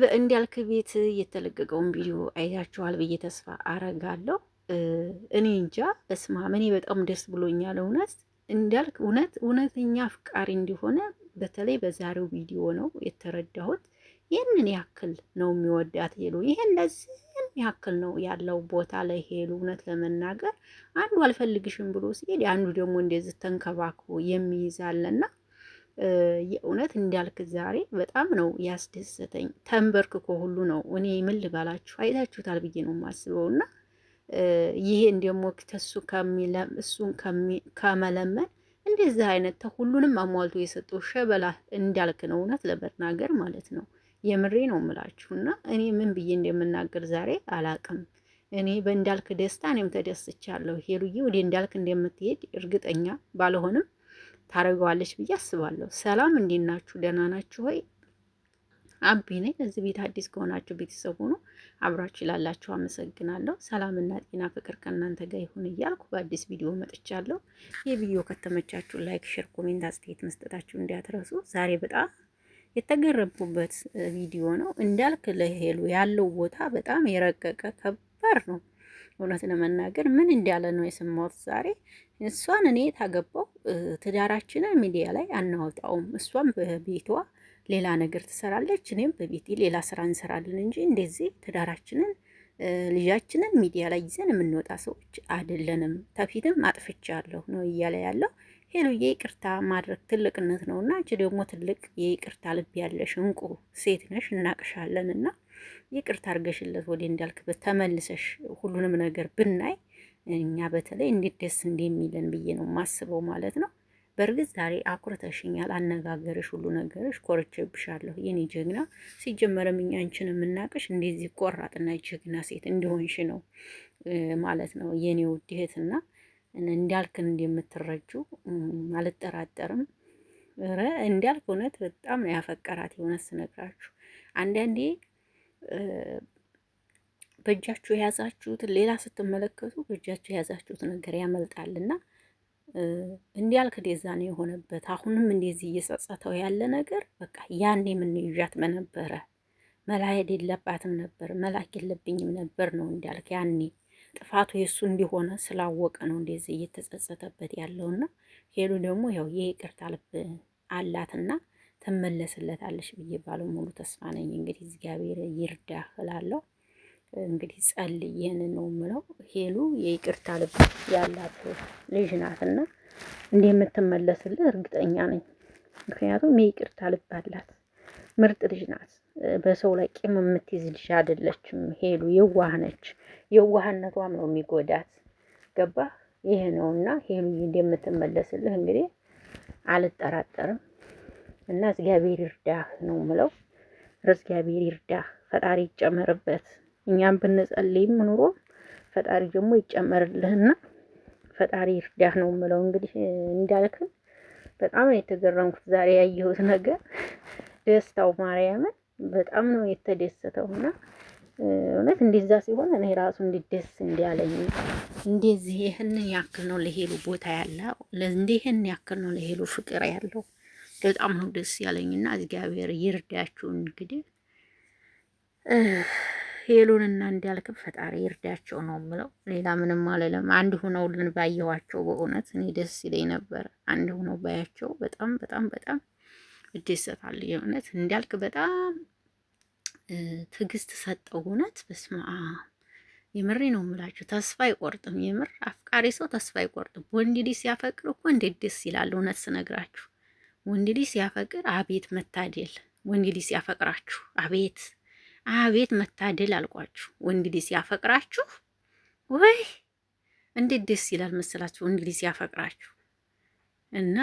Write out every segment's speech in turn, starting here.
በእንዳልክ ቤት የተለቀቀውን ቪዲዮ አይታችኋል ብዬ ተስፋ አረጋለሁ። እኔ እንጃ በስማ እኔ በጣም ደስ ብሎኛል። እውነት እንዳልክ እውነት እውነተኛ አፍቃሪ እንዲሆነ በተለይ በዛሬው ቪዲዮ ነው የተረዳሁት። ይህንን ያክል ነው የሚወዳት ሄሉ። ይህን ለዚህም ያክል ነው ያለው ቦታ ላይ ሄሉ። እውነት ለመናገር አንዱ አልፈልግሽም ብሎ ሲሄድ አንዱ ደግሞ እንደዚህ ተንከባክቦ የሚይዛለና የእውነት እንዳልክ ዛሬ በጣም ነው ያስደሰተኝ። ተንበርክኮ ሁሉ ነው እኔ ምን ልበላችሁ አይታችሁታል ብዬ ነው የማስበው። እና ይሄን ደግሞ ተሱ እሱን ከመለመን እንደዚህ አይነት ሁሉንም አሟልቶ የሰጠው ሸበላ እንዳልክ ነው እውነት ለመናገር ማለት ነው። የምሬ ነው ምላችሁ። እና እኔ ምን ብዬ እንደምናገር ዛሬ አላቅም። እኔ በእንዳልክ ደስታ እኔም ተደስቻለሁ። ሄሉዬ ወደ እንዳልክ እንደምትሄድ እርግጠኛ ባልሆንም ታደርገዋለች ብዬ አስባለሁ። ሰላም እንዴት ናችሁ? ደህና ናችሁ ሆይ? አቢ ነኝ። እዚህ ቤት አዲስ ከሆናችሁ ቤተሰብ ሆኖ አብራችሁ ላላችሁ አመሰግናለሁ። ሰላምና ጤና ፍቅር ከእናንተ ጋር ይሁን እያልኩ በአዲስ ቪዲዮ መጥቻለሁ። ይህ ቪዲዮ ከተመቻችሁ ላይክ፣ ሼር፣ ኮሜንት አስተያየት መስጠታችሁ እንዳትረሱ። ዛሬ በጣም የተገረምኩበት ቪዲዮ ነው። እንዳልክ ለሄሉ ያለው ቦታ በጣም የረቀቀ ከባድ ነው። እውነት ለመናገር ምን እንዳለ ነው የሰማሁት ዛሬ። እሷን እኔ ታገባው ትዳራችንን ሚዲያ ላይ አናወጣውም፣ እሷም በቤቷ ሌላ ነገር ትሰራለች፣ እኔም በቤቴ ሌላ ስራ እንሰራለን እንጂ እንደዚህ ትዳራችንን ልጃችንን ሚዲያ ላይ ይዘን የምንወጣ ሰዎች አይደለንም። ከፊትም አጥፍቻለሁ ነው እያለ ያለው ሄሎ ይቅርታ ማድረግ ትልቅነት ነው እና አንቺ ደግሞ ትልቅ የይቅርታ ልብ ያለሽ እንቁ ሴት ነሽ፣ እናቅሻለን እና ይቅርታ አድርገሽለት ወደ እንዳልክበት ተመልሰሽ ሁሉንም ነገር ብናይ እኛ በተለይ እንዴት ደስ እንደሚለን ብዬ ነው ማስበው ማለት ነው። በእርግጥ ዛሬ አኩርተሽኛል፣ አነጋገርሽ፣ ሁሉ ነገርሽ ኮርቼብሻለሁ የኔ ጀግና። ሲጀመረም እኛ አንቺን የምናቅሽ እንደዚህ ቆራጥና ጀግና ሴት እንዲሆንሽ ነው ማለት ነው የኔ ውድህትና እህትና እንዳልክን እንደምትረጁ አልጠራጠርም። ኧረ እንዳልክ እውነት በጣም ያፈቀራት የሆነ ስነግራችሁ አንዳንዴ በእጃችሁ የያዛችሁትን ሌላ ስትመለከቱ በእጃችሁ የያዛችሁት ነገር ያመልጣልና እንዲያልክ ዴዛ ነው የሆነበት። አሁንም እንደዚህ እየጸጸተው ያለ ነገር በቃ ያኔ የምንይዣት በነበረ መላየድ የለባትም ነበር መላክ የለብኝም ነበር ነው እንዲያልክ ያኔ ጥፋቱ የእሱ እንዲሆነ ስላወቀ ነው እንደዚህ እየተጸጸተበት ያለውና ሄሉ ደግሞ ያው የይቅርታ ልብ አላትና ትመለስለታለች ብዬ ሙሉ ተስፋ ነኝ። እንግዲህ እግዚአብሔር ይርዳህ እላለሁ። እንግዲህ ጸልይ ይህን ነው የምለው። ሄሉ የይቅርታ ልብ ያላት ልጅ ናትና እንዲህ የምትመለስልህ እርግጠኛ ነኝ። ምክንያቱም የይቅርታ ልብ አላት፣ ምርጥ ልጅ ናት። በሰው ላይ ቂም የምትይዝ ልጅ አይደለችም። ሄሉ የዋህ ነች። የዋህነቷም ነው የሚጎዳት። ገባ ይህ ነውና ሄሉ እንደምትመለስልህ እንግዲህ አልጠራጠርም። እና እግዚአብሔር ይርዳህ ነው የምለው። እግዚአብሔር ይርዳህ፣ ፈጣሪ ይጨመርበት። እኛም ብንጸልይም ኑሮ ፈጣሪ ደግሞ ይጨመርልህና ፈጣሪ ይርዳህ ነው የምለው። እንግዲህ እንዳልክ በጣም ነው የተገረምኩት ዛሬ ያየሁት ነገር ደስታው ማርያምን በጣም ነው የተደሰተውና እውነት እንደዛ ሲሆን እኔ ራሱ እንዲደስ እንዲያለኝ እንደዚህ ይህንን ያክል ነው ለሄሉ ቦታ ያለው ለእንዲህ ይህን ያክል ነው ለሄሉ ፍቅር ያለው በጣም ነው ደስ ያለኝና እግዚአብሔር ይርዳችሁ እንግዲህ ሄሉንና እንዳልክም ፈጣሪ ይርዳቸው ነው ምለው። ሌላ ምንም አልልም። አንድ ሁነውልን ባየኋቸው በእውነት እኔ ደስ ይለኝ ነበር። አንድ ሁነው ባያቸው በጣም በጣም በጣም እደሰታለሁ። የእውነት እንዳልክ በጣም ትዕግስት ሰጠው። እውነት በስማ የምሬ ነው የምላችሁ። ተስፋ አይቆርጥም። የምር አፍቃሪ ሰው ተስፋ አይቆርጥም። ወንድ ልጅ ሲያፈቅር እኮ እንዴት ደስ ይላል! እውነት ስነግራችሁ ወንድ ልጅ ሲያፈቅር አቤት መታደል! ወንድ ልጅ ሲያፈቅራችሁ አቤት አቤት መታደል አልቋችሁ። እንግዲህ ሲያፈቅራችሁ ወይ እንዴት ደስ ይላል መሰላችሁ። እንግዲህ ሲያፈቅራችሁ እና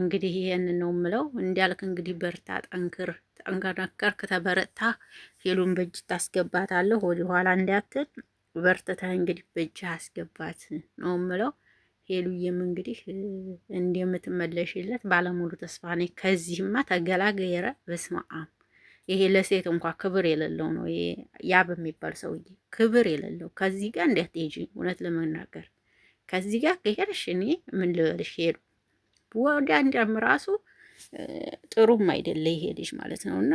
እንግዲህ ይሄንን ነው የምለው። እንዲያልክ እንግዲህ በርታ፣ ጠንክር። ጠንከረከርክ ተበረታ ሄሉን በእጅ ታስገባታለህ። ወደ ኋላ እንዳትል በርተታ እንግዲህ በእጅ አስገባት ነው የምለው። ሄሉዬም እንግዲህ እንደምትመለሽለት ባለሙሉ ተስፋ ነኝ። ከዚህማ ተገላገየረ በስመ አብ ይሄ ለሴት እንኳ ክብር የሌለው ነው። ይሄ ያ በሚባል ሰውዬ ክብር የሌለው ከዚህ ጋር እንዴት ትሄጂ? እውነት ለመናገር ከዚህ ጋር ከሄድሽ እኔ ምን ልበልሽ፣ ሄዱ ወደ አንዳም ራሱ ጥሩም አይደለ ይሄድሽ ማለት ነው። እና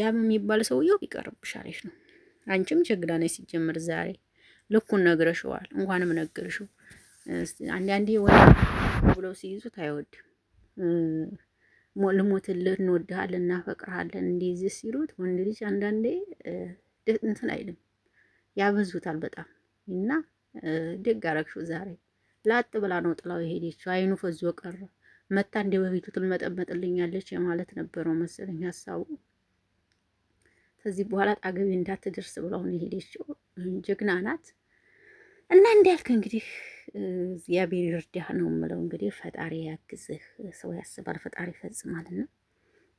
ያ በሚባል ሰውየው ይቀርብሻለሽ ነው። አንቺም ችግዳ ነሽ ሲጀምር። ዛሬ ልኩን ነግረሽዋል፣ እንኳንም ነግርሽው። አንዳንዴ ወ ብለው ሲይዙት አይወድም። ልሞትልህ እንወድሃለን እናፈቅርሃለን እንደዚህ ሲሉት ወንድ ልጅ አንዳንዴ እንትን አይልም ያበዙታል በጣም እና ደግ አረግሽው ዛሬ ላጥ ብላ ነው ጥላው የሄደችው አይኑ ፈዞ ቀረ መታ እንደ በፊቱ ትልመጠመጥልኛለች የማለት ነበረው መሰለኝ ሀሳቡ ከዚህ በኋላ ጣገቢ እንዳትደርስ ብላውን የሄደችው ጀግና ናት እና እንዳልክ እንግዲህ እግዚአብሔር ይርዳህ ነው የምለው። እንግዲህ ፈጣሪ ያግዝህ። ሰው ያስባል፣ ፈጣሪ ይፈጽማልና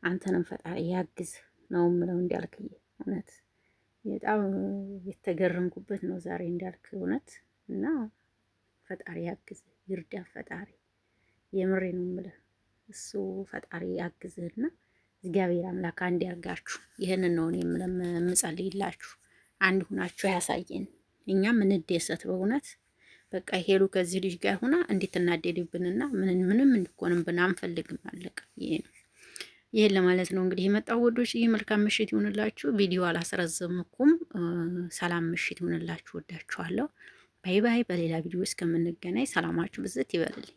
አንተንም ፈጣሪ ያግዝህ ነው የምለው። እንዲያልክ እውነት በጣም የተገረምኩበት ነው ዛሬ እንዲያልክ እውነት እና ፈጣሪ ያግዝህ፣ ይርዳህ ፈጣሪ። የምሬ ነው የምልህ እሱ ፈጣሪ ያግዝህና እግዚአብሔር አምላክ አንድ ያርጋችሁ። ይህንን ነው እኔ የምጸልይላችሁ። አንድ ሁናችሁ ያሳየን። እኛ እንደሰት በእውነት በቃ ሄሉ ከዚህ ልጅ ጋር ሆና እንድትናደድብንና ምንም ምንም እንድኮንብን አንፈልግም። አለቀ። ይሄ ይሄን ለማለት ነው እንግዲህ የመጣው ወዶች። ይህ መልካም ምሽት ይሁንላችሁ። ቪዲዮ አላስረዘምኩም። ሰላም ምሽት ይሁንላችሁ። ወዳችኋለሁ። ባይ ባይ። በሌላ ቪዲዮ እስከምንገናኝ ሰላማችሁ ብዝት ይበልልኝ።